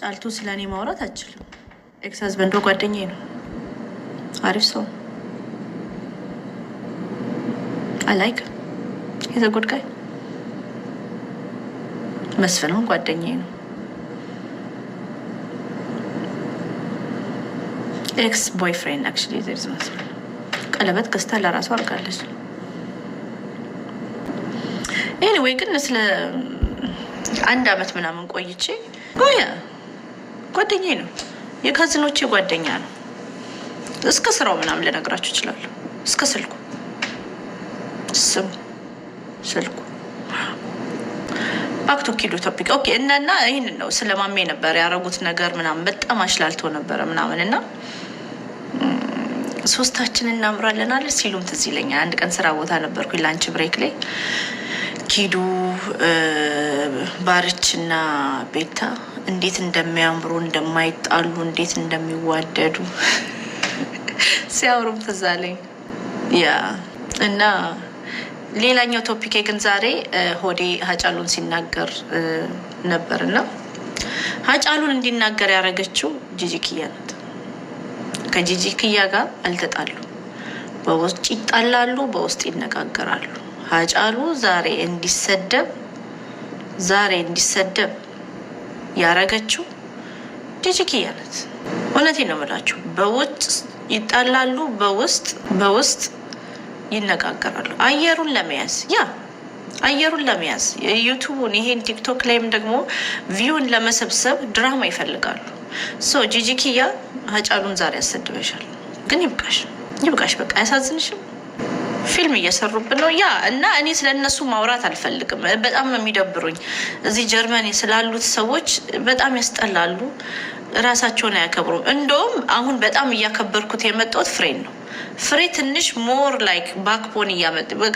ጫልቱ ስለ እኔ ማውራት አችልም። ኤክስ ሀዝበንዶ ጓደኛ ነው። አሪፍ ሰው አላይክ የተጎድቃይ መስፍንም ጓደኛ ነው። ኤክስ ቦይፍሬንድ አክቹዋሊ ዘርዝ መስፍን ቀለበት ገዝታ ለራሱ አድርጋለች። ኤኒዌይ ግን ስለ አንድ አመት ምናምን ቆይቼ ጓደኛ ነው፣ የካዝኖቼ ጓደኛ ነው። እስከ ስራው ምናምን ልነግራችሁ እችላለሁ። እስከ ስልኩ ስሙ ስልኩ ባክቶ ቱ ኪዱ ቶፒክ ኦኬ። እነና ይህን ነው ስለማሜ ነበር ያደረጉት ነገር ምናምን በጣም አሽላልቶ ነበረ ምናምን እና ሶስታችን እናምራለን አለ ሲሉም ትዝ ይለኛል። አንድ ቀን ስራ ቦታ ነበርኩኝ ላንች ብሬክ ላይ ኪዱ ባርችና ቤታ እንዴት እንደሚያምሩ እንደማይጣሉ እንዴት እንደሚዋደዱ ሲያወሩም ትዝ አለኝ። ያ እና ሌላኛው ቶፒኬ ግን ዛሬ ሆዴ ሀጫሉን ሲናገር ነበር እና ሀጫሉን እንዲናገር ያደረገችው ጂጂ ናት። ከጂጂ ጋር አልተጣሉ። በውስጥ ይጣላሉ፣ በውስጥ ይነጋገራሉ። ሀጫሉ ዛሬ እንዲሰደብ ዛሬ እንዲሰደብ ያረገችው ጂጂኪያ ናት። እውነቴን ነው የምላችሁ። በውጭ ይጣላሉ፣ በውስጥ በውስጥ ይነጋገራሉ። አየሩን ለመያዝ ያ አየሩን ለመያዝ ዩቱቡን ይሄን ቲክቶክ ላይም ደግሞ ቪውን ለመሰብሰብ ድራማ ይፈልጋሉ። ሶ ጂጂኪያ ሀጫሉን ዛሬ ያሰድበሻል፣ ግን ይብቃሽ፣ ይብቃሽ። በቃ አያሳዝንሽም? ፊልም እየሰሩብን ነው ያ እና እኔ ስለ እነሱ ማውራት አልፈልግም። በጣም ነው የሚደብሩኝ። እዚህ ጀርመን ስላሉት ሰዎች በጣም ያስጠላሉ። ራሳቸውን አያከብሩም። እንደውም አሁን በጣም እያከበርኩት የመጣሁት ፍሬን ነው። ፍሬ ትንሽ ሞር ላይክ ባክቦን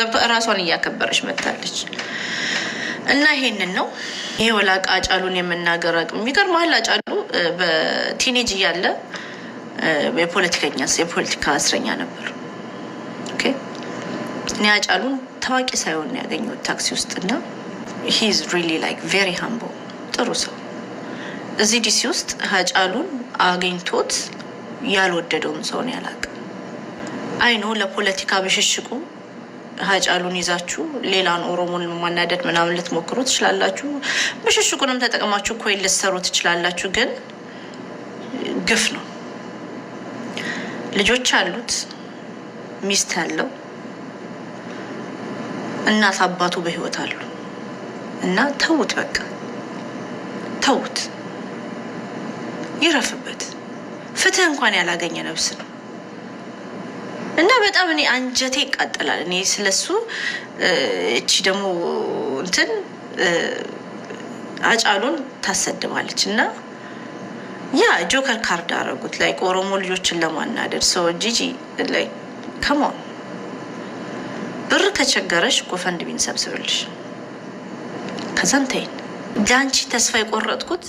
ገብቶ እራሷን እያከበረች መታለች። እና ይሄንን ነው ይሄ ወላቅ አጫሉን የምናገር አቅም የሚገርምሃል። አጫሉ በቲኔጅ እያለ የፖለቲከኛ የፖለቲካ እስረኛ ነበር። እኔ አጫሉን ታዋቂ ሳይሆን ያገኘው ያገኘሁት ታክሲ ውስጥ እና ሂ ኢዝ ሪሊ ላይክ ቬሪ ጥሩ ሰው። እዚህ ዲሲ ውስጥ ሀጫሉን አግኝቶት ያልወደደውም ሰውን ያላቅ አይኖ ለፖለቲካ ብሽሽቁ ሀጫሉን ይዛችሁ ሌላን ኦሮሞን ማናደድ ምናምን ልትሞክሩ ትችላላችሁ። ብሽሽቁንም ተጠቅማችሁ ኮይን ልትሰሩ ትችላላችሁ። ግን ግፍ ነው። ልጆች አሉት፣ ሚስት አለው። እናት አባቱ በህይወት አሉ እና ተውት፣ በቃ ተውት፣ ይረፍበት። ፍትህ እንኳን ያላገኘ ነፍስ ነው እና በጣም እኔ አንጀቴ ይቃጠላል። እኔ ስለሱ እቺ ደግሞ እንትን አጫሉን ታሰድባለች እና ያ ጆከር ካርድ አረጉት ላይ ኦሮሞ ልጆችን ለማናደድ ሰው ጂጂ ላይ ከመሆን ብር ከቸገረሽ ጎፈንድሚን ሰብስብልሽ። ከዛም ተይን። ለአንቺ ተስፋ የቆረጥኩት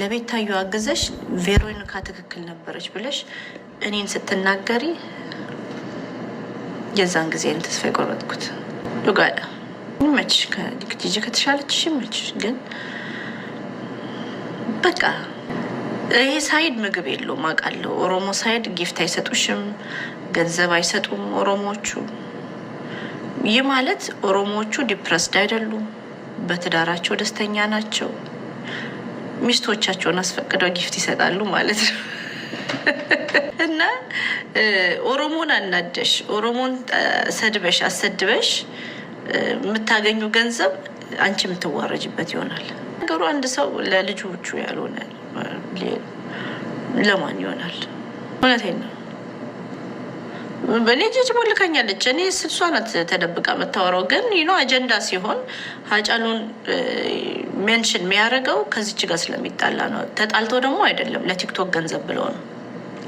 ለቤታዩ አግዘሽ ቬሮኒካ ትክክል ነበረች ብለሽ እኔን ስትናገሪ የዛን ጊዜ ተስፋ የቆረጥኩት ዱጋዳ ይመችሽ። ከዲግዲጂ ከተሻለችሽ ይመችሽ። ግን በቃ ይሄ ሳይድ ምግብ የለውም አውቃለሁ። ኦሮሞ ሳይድ ጊፍት አይሰጡሽም፣ ገንዘብ አይሰጡም ኦሮሞዎቹ። ይህ ማለት ኦሮሞዎቹ ዲፕረስድ አይደሉም፣ በትዳራቸው ደስተኛ ናቸው፣ ሚስቶቻቸውን አስፈቅደው ጊፍት ይሰጣሉ ማለት ነው። እና ኦሮሞን አናደሽ፣ ኦሮሞን ሰድበሽ አሰድበሽ የምታገኙ ገንዘብ አንቺ የምትዋረጅበት ይሆናል። ነገሩ አንድ ሰው ለልጆቹ ያልሆነ ለማን ይሆናል? እውነቴን ነው። ልጅ ሞልካኛለች። እኔ እሷ ናት ተደብቃ የምታወራው። ግን ይኖ አጀንዳ ሲሆን ሀጫሉን ሜንሽን የሚያደርገው ከዚች ጋር ስለሚጣላ ነው። ተጣልቶ ደግሞ አይደለም ለቲክቶክ ገንዘብ ብለው ነው።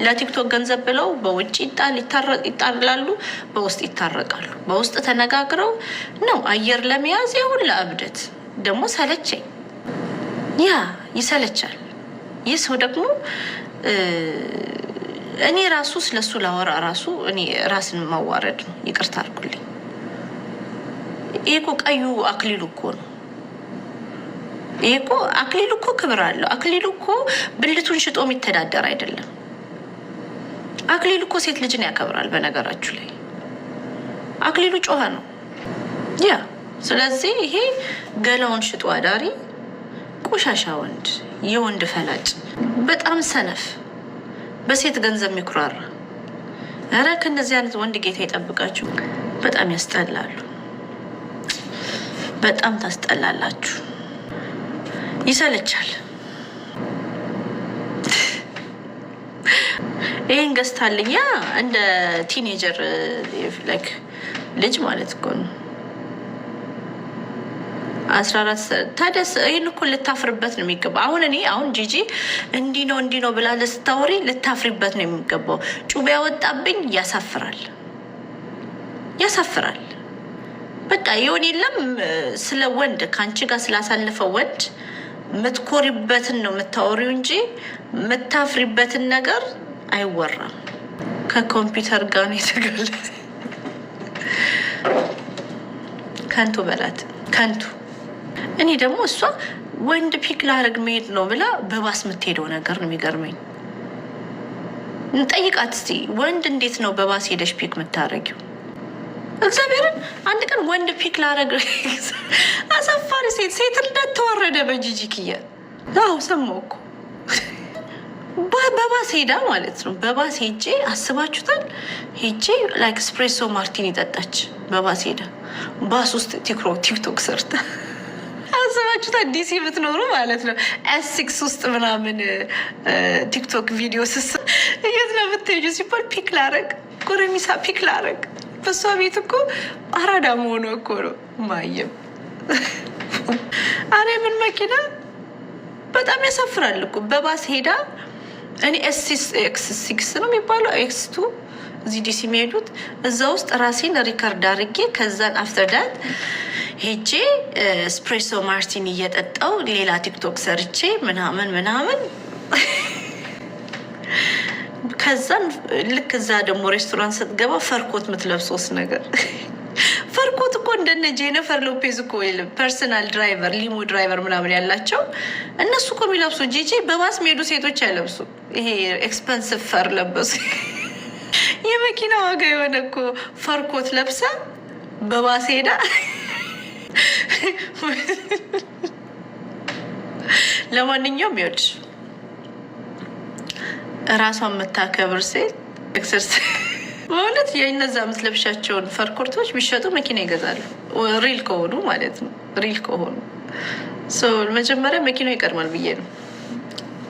ለቲክቶክ ገንዘብ ብለው በውጭ ይጣላሉ፣ በውስጥ ይታረቃሉ። በውስጥ ተነጋግረው ነው አየር ለመያዝ የሁላ ለእብደት ደግሞ ሰለቸኝ። ያ ይሰለቻል። ይህ ሰው ደግሞ እኔ ራሱ ስለሱ ላወራ ራሱ እኔ ራስን ማዋረድ ነው። ይቅርታ አድርጉልኝ። ይሄ እኮ ቀዩ አክሊሉ እኮ ነው። ይሄ እኮ አክሊሉ እኮ ክብር አለው። አክሊሉ እኮ ብልቱን ሽጦ የሚተዳደር አይደለም። አክሊሉ እኮ ሴት ልጅን ያከብራል። በነገራችሁ ላይ አክሊሉ ጮኸ ነው ያ። ስለዚህ ይሄ ገላውን ሽጦ አዳሪ ቆሻሻ ወንድ፣ የወንድ ፈላጭ፣ በጣም ሰነፍ በሴት ገንዘብ ይኩራራ። ኧረ ከእንደዚህ አይነት ወንድ ጌታ ይጠብቃችሁ። በጣም ያስጠላሉ። በጣም ታስጠላላችሁ። ይሰለቻል። ይህን ገዝታልኛ እንደ ቲኔጀር ላይክ ልጅ ማለት እኮ ነው። አስራ አራት ታዲያ ይህን እኮ ልታፍርበት ነው የሚገባው። አሁን እኔ አሁን ጂጂ እንዲህ ነው እንዲህ ነው ብላ ስታወሪ ልታፍሪበት ነው የሚገባው። ጩቤ ያወጣብኝ ያሳፍራል፣ ያሳፍራል። በቃ ይሆን የለም ስለ ወንድ ከአንቺ ጋር ስላሳለፈ ወንድ የምትኮሪበትን ነው የምታወሪው እንጂ የምታፍሪበትን ነገር አይወራም። ከኮምፒውተር ጋር ነው የተገለ ከንቱ በላት ከንቱ እኔ ደግሞ እሷ ወንድ ፒክ ላረግ መሄድ ነው ብላ በባስ የምትሄደው ነገር ነው የሚገርመኝ። እንጠይቃት እስኪ ወንድ እንዴት ነው በባስ ሄደሽ ፒክ የምታረጊው? እግዚአብሔርን አንድ ቀን ወንድ ፒክ ላረግ አሳፋሪ ሴት ሴት እንደተዋረደ በጂጂ ክየ አሁ ሰማሁ እኮ በባስ ሄዳ ማለት ነው። በባስ ሄጄ አስባችሁታል። ሄጄ ላይክ ስፕሬሶ ማርቲን ይጠጣች በባስ ሄዳ ባስ ውስጥ ቲክሮ ቲክቶክ ሰርታ አስባችሁታል? ዲሲ የምትኖሩ ማለት ነው ኤስክስ ውስጥ ምናምን ቲክቶክ ቪዲዮ ስስ እየት ነው የምትሄጂው ሲባል ፒክ ላረግ ጎረሚሳ ፒክ ላረግ። በእሷ ቤት እኮ አራዳ መሆኑ እኮ ነው ማየም። አሬ ምን መኪና በጣም ያሳፍራል እኮ በባስ ሄዳ እኔ ኤክስ ሲክስ ነው የሚባለው ኤክስ ቱ እዚህ ዲሲ የሚሄዱት እዛ ውስጥ ራሴን ሪከርድ አድርጌ ከዛን አፍተር ዳት ሄጄ ስፕሬሶ ማርቲን እየጠጣው ሌላ ቲክቶክ ሰርቼ ምናምን ምናምን ከዛን ልክ እዛ ደግሞ ሬስቶራንት ስትገባ ፈርኮት የምትለብሶስ ነገር ፈርኮት እኮ እንደነ ጄነፈር ሎፔዝ እኮ ፐርሰናል ድራይቨር ሊሞ ድራይቨር ምናምን ያላቸው እነሱ እኮ የሚለብሱ ጂጂ በባስ ሚሄዱ ሴቶች አይለብሱ። ይሄ ኤክስፐንሲቭ ፈር ለበሱ የመኪና ዋጋ የሆነ እኮ ፈርኮት ለብሳ በባስ ሄዳ ለማንኛውም ይወድ እራሷን የምታከብር ሴት ኤክሰርሳይዝ በእውነት የእነዛ የምትለብሻቸውን ፈርኮርቶች ቢሸጡ መኪና ይገዛሉ። ሪል ከሆኑ ማለት ነው። ሪል ከሆኑ መጀመሪያ መኪናው ይቀድማል ብዬ ነው።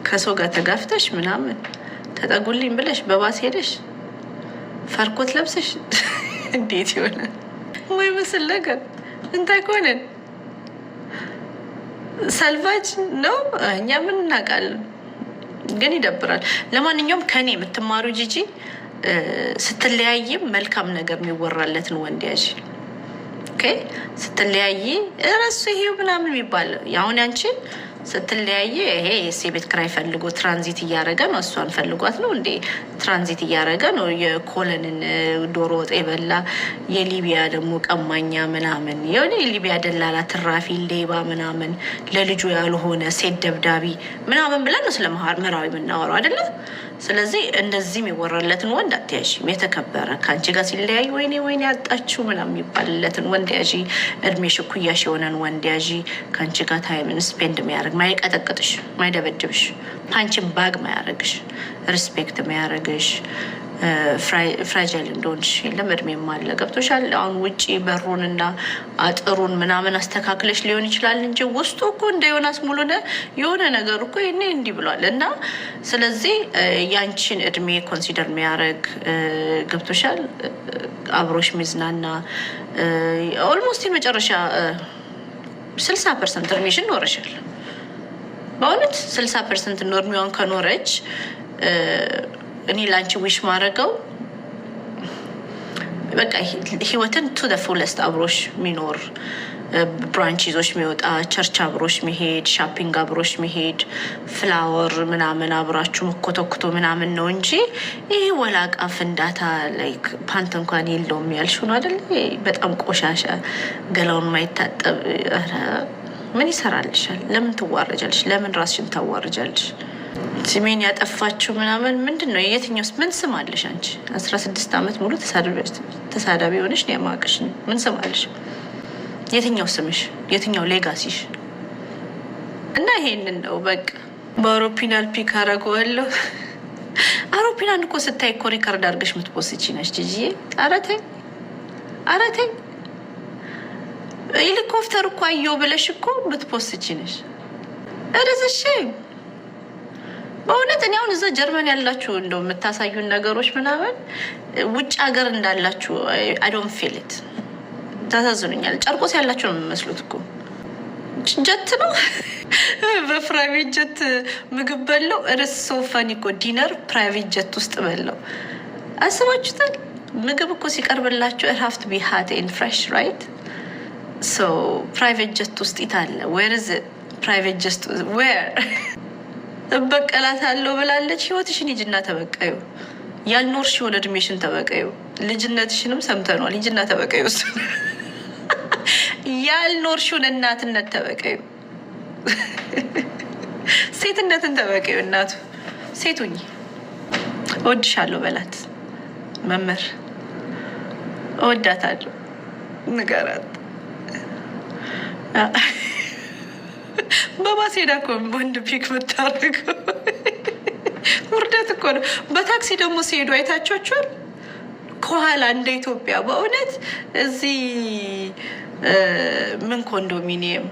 ከሰው ጋር ተጋፍተሽ ምናምን ተጠጉልኝ ብለሽ በባስ ሄደሽ ፈርኮት ለብሰሽ እንዴት ይሆናል ወይ ምስል ነገር እንታይ ከሆነን ሰልቫጅ ነው። እኛ ምን እናውቃለን? ግን ይደብራል። ለማንኛውም ከኔ የምትማሩ ጂጂ፣ ስትለያይም መልካም ነገር የሚወራለትን ወንድ ያዥ። ስትለያይ እረሱ ይሄው ምናምን የሚባል አሁን ያንቺን ስትለያየ ይሄ የሴ ቤት ክራይ ፈልጎ ትራንዚት እያደረገ ነው። እሷን ፈልጓት ነው እንዴ ትራንዚት እያደረገ ነው። የኮለንን ዶሮ ወጥ የበላ የሊቢያ ደግሞ ቀማኛ ምናምን የሆነ የሊቢያ ደላላ ትራፊ ሌባ ምናምን ለልጁ ያልሆነ ሴት ደብዳቢ ምናምን ብለን ነው ስለ መራዊ የምናወራው አይደለም። ስለዚህ እንደዚህ የሚወራለትን ወንድ አትያዥ። የተከበረ ከአንቺ ጋር ሲለያይ ወይኔ ወይኔ ያጣችሁ ምናምን የሚባልለትን ወንድ ያዥ። እድሜ ሽኩያሽ የሆነን ወንድ ያዥ። ከአንቺ ጋር ታይምን ስፔንድ የሚያደርግ ማይቀጠቅጥሽ፣ ማይደበድብሽ፣ ፓንችን ባግ ማያረግሽ፣ ሪስፔክት ማያረግሽ ፍራጃይል እንደሆንሽ የለም እድሜም አለ። ገብቶሻል። አሁን ውጭ በሩን እና አጥሩን ምናምን አስተካክለሽ ሊሆን ይችላል እንጂ ውስጡ እኮ እንደ ዮናስ ሙሉነህ የሆነ ነገር እኮ ይኔ እንዲህ ብሏል እና ስለዚህ ያንቺን እድሜ ኮንሲደር የሚያደርግ ገብቶሻል። አብሮሽ ሚዝናና ኦልሞስት የመጨረሻ ስልሳ ፐርሰንት እድሜሽን ኖረሻል። በእውነት ስልሳ ፐርሰንት እድሜዋን ከኖረች እኔ ላንቺ ዊሽ ማድረገው በቃ ህይወትን ቱ ደ ፉለስት አብሮሽ ሚኖር ብራንች ይዞሽ የሚወጣ ቸርች አብሮሽ መሄድ፣ ሻፒንግ አብሮሽ መሄድ፣ ፍላወር ምናምን አብራችሁ መኮተኩቶ ምናምን ነው እንጂ ይህ ወላቃ ፍንዳታ ላይክ ፓንት እንኳን የለውም ያልሽው ነው አይደለ? በጣም ቆሻሻ ገላውን ማይታጠብ ምን ይሰራልሻል? ለምን ትዋረጃለሽ? ለምን ራስሽን ታዋርጃለሽ? ስሜን ያጠፋችው ምናምን ምንድን ነው? የትኛውስ ምን ስም አለሽ አንቺ? አስራ ስድስት ዓመት ሙሉ ተሳዳቢ ሆነሽ ነው የማውቅሽ። ምን ስም አለሽ? የትኛው ስምሽ? የትኛው ሌጋሲሽ? እና ይሄንን ነው በቃ በአውሮፒናል ፒክ አረገዋለሁ። አውሮፒናል እኮ ስታይ እኮ ሪከርድ አድርገሽ ምትፖስቺ ነች ጅዬ። ኧረ ተይ፣ ሄሊኮፕተር እኮ ብለሽ እኮ ምትፖስቺ ነች። በእውነት እኔ አሁን እዛ ጀርመን ያላችሁ እንደው የምታሳዩን ነገሮች ምናምን ውጭ ሀገር እንዳላችሁ አዶን ፌሌት ታሳዝኑኛል። ጨርቆስ ያላችሁ ነው የምመስሉት እኮ ጀት ነው በፕራይቬት ጀት ምግብ በለው ርስ ሶፋኒ እኮ ዲነር ፕራይቬት ጀት ውስጥ በለው አስባችሁታል። ምግብ እኮ ሲቀርብላቸው ሀፍት ቢ ሀት ኤን ፍሬሽ ራይት ፕራይቬት ጀት ውስጥ ይታለ ወር ፕራይቬት ጀት ወር እበቀላታለሁ ብላለች። ህይወትሽን ሂጂና ተበቀዩ። ያልኖርሽውን እድሜሽን ተበቀዩ። ልጅነትሽንም ሰምተኗል። ሂጂና ተበቀዩ። ያልኖርሽውን እናትነት ተበቀዩ። ሴትነትን ተበቀዩ። እናቱ ሴቱኝ እወድሻለሁ በላት። መምህር እወዳታለሁ ንገራት። በባስ ሄዳ እኮ ወንድ ፒክ የምታደርገው ውርደት እኮ ነው። በታክሲ ደግሞ ሲሄዱ አይታችኋቸዋል። ከኋላ እንደ ኢትዮጵያ በእውነት እዚህ ምን ኮንዶሚኒየም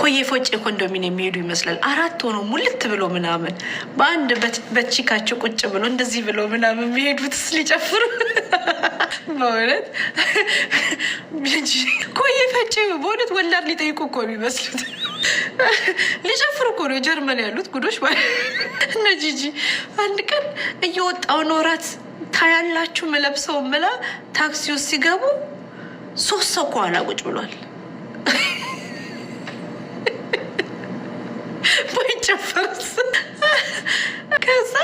ቆየ ፎጭ ኮንዶሚኒየም የሚሄዱ ይመስላል። አራት ሆኖ ሙልት ብሎ ምናምን በአንድ በቺካቸው ቁጭ ብሎ እንደዚህ ብሎ ምናምን የሚሄዱት ሊጨፍሩ በእውነት ቆየ ፈጭ በእውነት ወላድ ሊጠይቁ እኮ ይመስሉት ሊጨፍሩ እኮ ነው ጀርመን ያሉት ጉዶች እነ ጂጂ አንድ ቀን እየወጣው ኖራት ታያላችሁ መለብሰው ምላ ታክሲ ውስጥ ሲገቡ ሶስት ሰው ከኋላ ቁጭ ብሏል። የጨፈሩት። ከዛ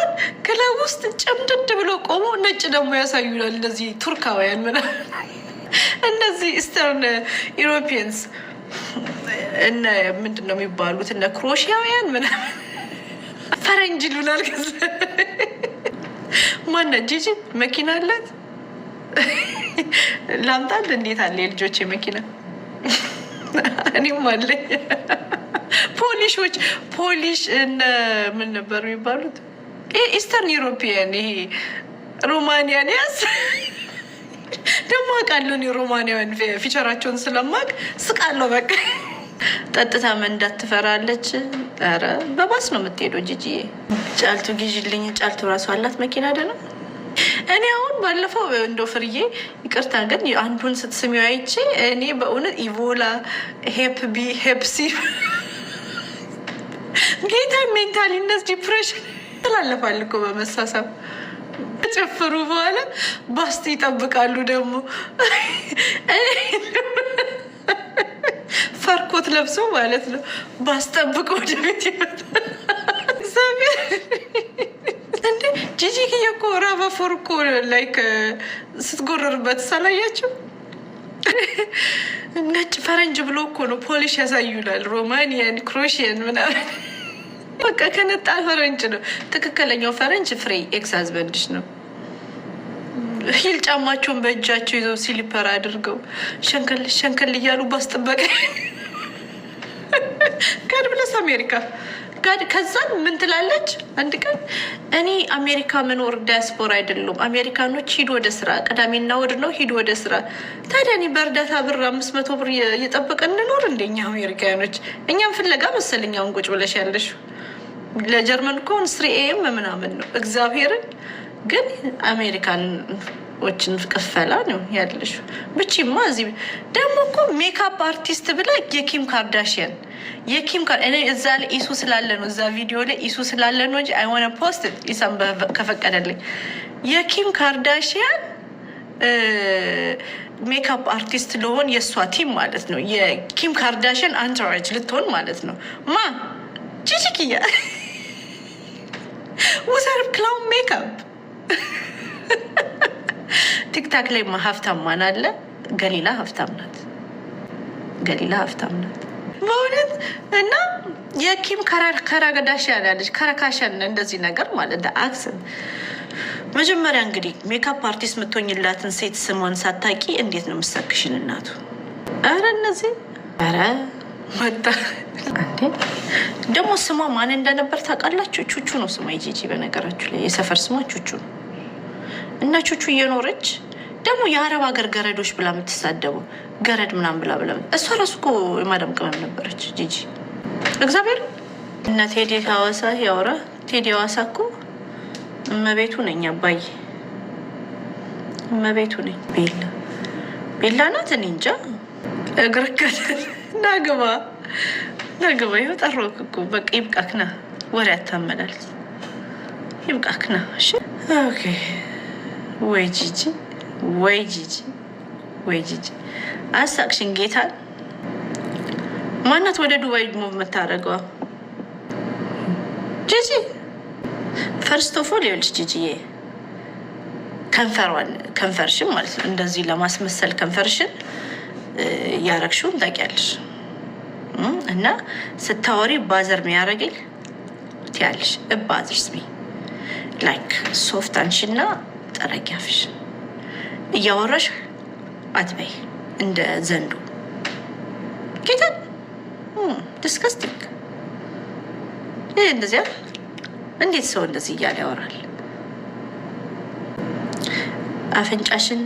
ክለብ ውስጥ ጭምድድ ብሎ ቆሞ ነጭ ደግሞ ያሳዩናል። እነዚህ ቱርካውያን ምናምን እነዚህ ኢስተርን ኢሮፒየንስ እነ ምንድን ነው የሚባሉት እነ ክሮሺያውያን ምና ፈረንጅ ይሉናል። ከዛ ማናት ጂጂ መኪና አላት ላምጣል እንዴት አለ የልጆች መኪና እኔም አለኝ። ፖሊሾች ፖሊሽ እነ ምን ነበር የሚባሉት? ኢስተርን ዩሮፒያን ይሄ ሮማንያን ያስ ደግሞ አውቃለሁ እኔ ፊቸራቸውን ስለማቅ ስቃለሁ። በቃ ጠጥታ መንዳት ትፈራለች። ኧረ በባስ ነው የምትሄደው ጂጂዬ። ጫልቱ ግዢልኝ። ጫልቱ ራሱ አላት መኪና አይደለም። እኔ አሁን ባለፈው እንደ ፍርዬ ይቅርታ ግን አንዱን ስትስሚው አይቼ እኔ በእውነት ኢቮላ ሄፕ ቢ ሄፕሲ ጌታ ሜንታሊነት ዲፕሬሽን ትላለፋል እኮ በመሳሳብ ጨፍሩ በኋላ ባስቲ ይጠብቃሉ። ደግሞ ፈርኮት ለብሶ ማለት ነው። ባስጠብቆ ወደ ቤት ይመጣል። እንደ ጂጂ እኮ ራበፎር እኮ ላይክ ስትጎረርበት ሳላያቸው ነጭ ፈረንጅ ብሎ እኮ ነው ፖሊሽ ያሳዩናል። ሮማኒያን፣ ክሮሽያን ምናምን በቃ ከነጣ ፈረንጅ ነው። ትክክለኛው ፈረንጅ ፍሬ ኤክስ አዝበንድሽ ነው። ሂል ጫማቸውን በእጃቸው ይዘው ሲሊፐር አድርገው ሸንከል ሸንከል እያሉ ባስጠበቀ ከድብለስ አሜሪካ ከዛን ምን ትላለች? አንድ ቀን እኔ አሜሪካ መኖር ዲያስፖራ አይደሉም አሜሪካኖች፣ ሂድ ወደ ስራ፣ ቅዳሜና ወድ ነው፣ ሂድ ወደ ስራ። ታዲያ እኔ በእርዳታ ብር አምስት መቶ ብር እየጠበቀን እንኖር እንደኛ አሜሪካኖች? እኛም ፍለጋ መሰለኛውን ቁጭ ብለሽ ያለሽ ለጀርመን እኮ ስሪ ኤም ምናምን ነው። እግዚአብሔርን ግን አሜሪካን ዎችን ቅፈላ ነው ያለሽ። ብቻማ እዚህ ደግሞ እኮ ሜካፕ አርቲስት ብላ የኪም ካርዳሽያን የኪም እኔ እዛ ላይ ኢሱ ስላለ ነው እዛ ቪዲዮ ላይ ኢሱ ስላለ ነው እንጂ አይሆነ ፖስት ኢሳም ከፈቀደልኝ የኪም ካርዳሽያን ሜካፕ አርቲስት ለሆን የእሷ ቲም ማለት ነው። የኪም ካርዳሽን አንትራጅ ልትሆን ማለት ነው። ማ ጂጂኪያ ውሰርብ ክላውን ሜካፕ ቲክታክ ላይ ሀብታም ማን አለ? ገሊላ ሀብታም ናት። ገሊላ ሀብታም ናት በእውነት እና የኪም ከራገዳሽያን ያለች ከረካሸን እንደዚህ ነገር ማለት አክስን መጀመሪያ እንግዲህ ሜካፕ አርቲስት የምትሆኝላትን ሴት ስሟን ሳታቂ እንዴት ነው የምትሰክሽን? እናቱ ኧረ እነዚህ ኧረ መጣ ደግሞ ስሟ ማን እንደነበር ታውቃላችሁ? ቹቹ ነው ስሟ ጂጂ በነገራችሁ ላይ የሰፈር ስሟ ቹቹ ነው። እና ቹቹ እየኖረች ደግሞ የአረብ ሀገር ገረዶች ብላ የምትሳደቡ ገረድ ምናምን ብላ ብላ እሷ ራሱ እኮ የማዳም ቅመም ነበረች ጂጂ። እግዚአብሔር እነ ቴዲ ሀዋሳ ያወራ ቴዲ ሀዋሳ እኮ እመቤቱ ነኝ አባዬ እመቤቱ ነኝ። ቤላ ቤላ ናት። እኔ እንጃ እግር ከደል ናግባ ናግባ ይወጠሮክ እኮ በቃ ይብቃክና ወሬ አታመላል ይብቃክና እሺ ኦኬ ወይ ጂጂ ወይ ጂጂ ወይ ጂጂ አሳቅሽን ጌታ። ማናት ወደ ዱባይ ሙቭ የምታደርገዋ ጂጂ? ፈርስት ኦፍ ኦል ይኸውልሽ ጂጂዬ ከንፈሯን ከንፈርሽን ማለት ነው እንደዚህ ለማስመሰል ከንፈርሽን እያረግሽውን ታውቂያለሽ። እና ስታወሪ ባዘር የሚያደርግኝ ትያለሽ። ባዘርስ ሚ ላይክ ሶፍት አንሺና ታጠረጊ አፍሽ እያወራሽ አትበይ እንደ ዘንዱ ጌታን ዲስከስቲንግ። ይህ እንደዚያ እንዴት ሰው እንደዚህ እያለ ያወራል? አፍንጫሽን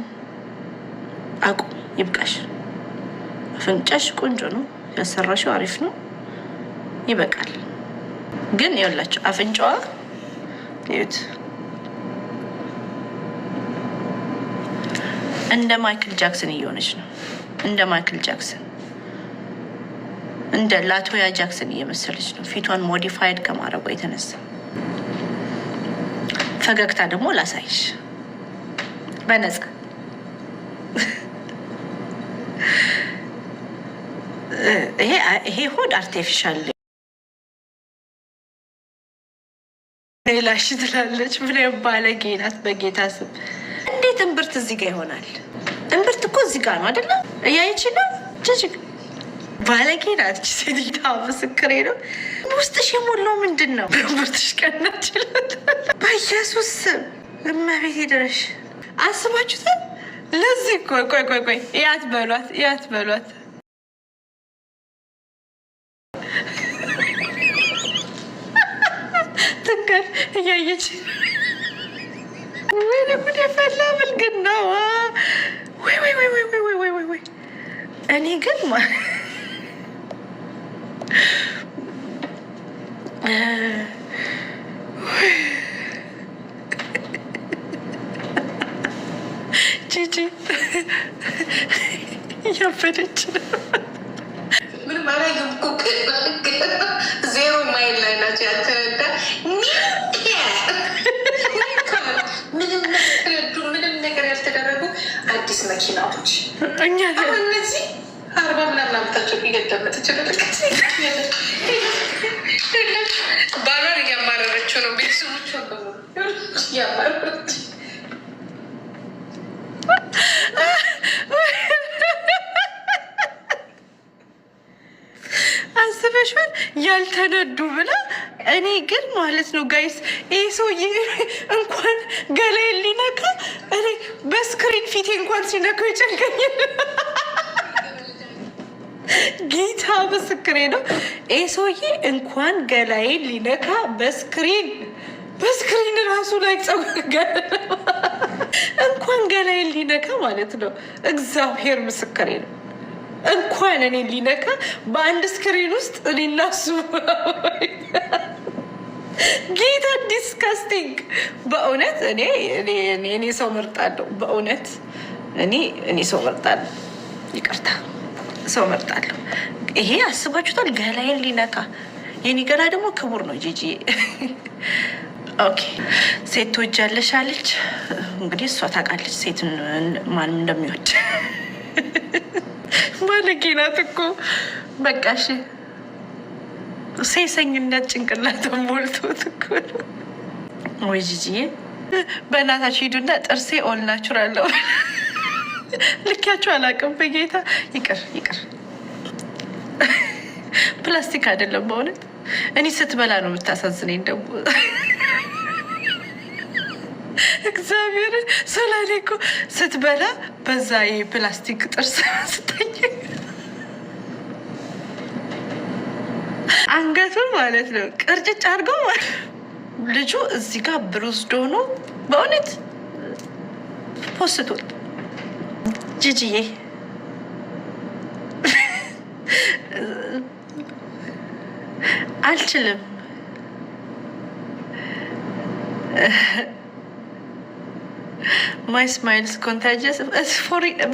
አቁ ይብቃሽ። አፍንጫሽ ቆንጆ ነው፣ ያሰራሽው አሪፍ ነው፣ ይበቃል። ግን ይኸውላችሁ አፍንጫዋ ት እንደ ማይክል ጃክሰን እየሆነች ነው። እንደ ማይክል ጃክሰን እንደ ላቶያ ጃክሰን እየመሰለች ነው። ፊቷን ሞዲፋይድ ከማድረጓ የተነሳ ፈገግታ ደግሞ ላሳይሽ በነጻ ይሄ ሆድ አርቲፊሻል ላሽ ትላለች። ምን ባለጌ ናት በጌታ ስም እምብርት እዚህ ጋር ይሆናል። እምብርት እኮ እዚህ ጋር ነው አደለ? እያየች ነው። ጅጅግ ባለጌ ናት ሴትታ። ምስክሬ ነው። ውስጥሽ የሞላው ምንድን ነው? ብርትሽ ቀና በኢየሱስ እመቤት ድረሽ አስባችሁትን። ለዚህ ቆይ ቆይ ቆይ ቆይ እያት በሏት እያት በሏት ትንገር እያየች ወይምን የፈላ ብልግና ወይ እኔ ግን ጂጂ እያበደች ነው። ምንም አላየሁም እኮ ዜሮ ማይል ላይ ናቸው ያልተረዳ መኪናዎች አሁን እነዚህ አርባ ምናምን አመታቸው እየደመጠችው ባሏን እያማረረችው ነው። ቤተሰቦች እያማረች አስበሽን ያልተነዱ ብላ እኔ ግን ማለት ነው ጋይስ ይህ ሰውዬ እንኳን ገላዬን ሊነካ እኔ በስክሪን ፊቴ እንኳን ሲነካው ይጨንቀኛል። ጌታ ምስክሬ ነው። ይህ ሰውዬ እንኳን ገላይ ሊነካ በስክሪን በስክሪን ራሱ ላይ ጸጉር እንኳን ገላይ ሊነካ ማለት ነው። እግዚአብሔር ምስክሬ ነው። እንኳን እኔ ሊነካ በአንድ ስክሪን ውስጥ እኔ እናሱ ጌታ ዲስካስቲንግ። በእውነት እኔ ሰው መርጣለሁ። በእውነት እኔ እኔ ሰው መርጣለሁ። ይቅርታ ሰው መርጣለሁ። ይሄ አስባችሁታል? ገላይን ሊነካ የኔ ገላ ደግሞ ክቡር ነው። ጂጂ ኦኬ። ሴት ትወጃለሽ አለች። እንግዲህ እሷ ታውቃለች ሴት ማንም እንደሚወድ። ባለጌ ናት እኮ በቃሽ። ሴሰኝነት ጭንቅላት ሞልቶት እኮ ወይ ጂጂዬ፣ በእናታችሁ ሂዱና ጥርሴ ኦል ናቹራል ነው ልኪያችሁ አላውቅም። በጌታ ይቅር ይቅር፣ ፕላስቲክ አይደለም በእውነት። እኔ ስትበላ ነው የምታሳዝነኝ ደግሞ እግዚአብሔር ሰላሌ እኮ ስትበላ በዛ ይሄ ፕላስቲክ ጥርስ ስጠኝ አንገቱን ማለት ነው ቅርጭጭ አድርገው ልጁ እዚህ ጋር ብሩዝ ዶኖ በእውነት ፖስቶል ጅጅዬ አልችልም ማይ ስማይልስ ኮንታጀስ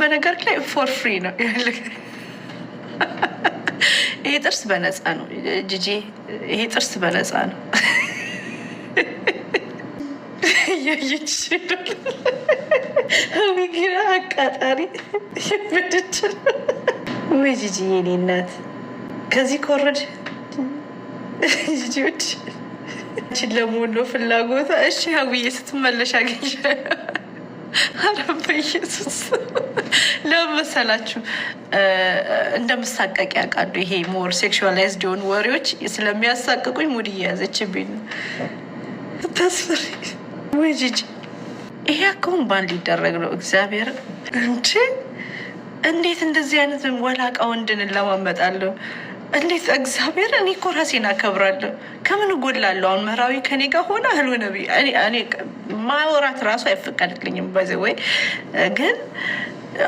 በነገር ላይ ፎር ፍሪ ነው ይሄ ጥርስ በነፃ ነው ጂጂ፣ ይሄ ጥርስ በነፃ ነው። ሚግራ አቃጣሪ ምድችል ወይ ጂጂ የኔ እናት ከዚህ ኮረድ ጂጂዎች ችን ለመሆን ነው ፍላጎታ። እሺ ሀውዬ ስትመለሽ አገኘ። ኧረ በኢየሱስ መሰላችሁ እንደምሳቀቅ ያውቃሉ። ይሄ ሞር ሴክሹዋላይዝድ የሆኑ ወሬዎች ስለሚያሳቅቁኝ ሙድ እየያዘችብኝ ነው። ተስፈሪ ወይ ይሄ አካውን ባንድ ሊደረግ ነው። እግዚአብሔር እንቺ እንዴት እንደዚህ አይነት ወላቃ ወንድን ለማመጣለሁ? እንዴት እግዚአብሔር እኔ እኮ ራሴን አከብራለሁ። ከምን ጎላለሁ? አሁን መራዊ ከኔ ጋር ሆነ ህሉ ነቢ ማወራት ራሱ አይፈቀድልኝም። በዚ ወይ ግን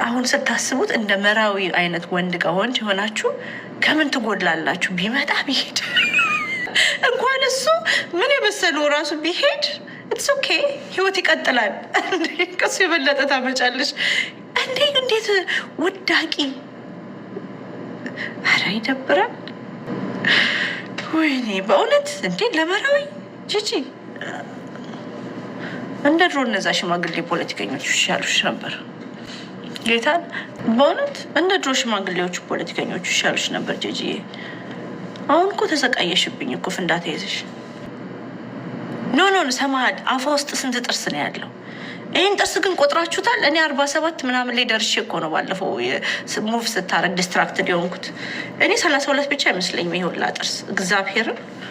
አሁን ስታስቡት እንደ መራዊ አይነት ወንድ ከሆንች የሆናችሁ ከምን ትጎድላላችሁ? ቢመጣ ቢሄድ እንኳን እሱ ምን የመሰለው ራሱ ቢሄድ ኢትስ ኦኬ፣ ህይወት ይቀጥላል። ከሱ የበለጠ ታመጫለሽ እንዴ! እንዴት ውዳቂ! አረ ይደብራል። ወይኔ በእውነት እንዴ! ለመራዊ ጂጂ እንደ ድሮ እነዛ ሽማግሌ ፖለቲከኞች ይሻሉሽ ነበር። ጌታን በእውነት እንደ ድሮ ሽማግሌዎቹ ፖለቲከኞቹ ይሻሉሽ ነበር ጄጂዬ። አሁን እኮ ተሰቃየሽብኝ እኮ ፍንዳ ይዘሽ። ኖ ኖ ሰማሃድ፣ አፏ ውስጥ ስንት ጥርስ ነው ያለው? ይህን ጥርስ ግን ቆጥራችሁታል? እኔ አርባ ሰባት ምናምን ላይ ደርሼ እኮ ነው ባለፈው ሙቭ ስታረግ ዲስትራክትድ የሆንኩት። እኔ ሰላሳ ሁለት ብቻ አይመስለኝም ይሄ ሁላ ጥርስ እግዚአብሔርን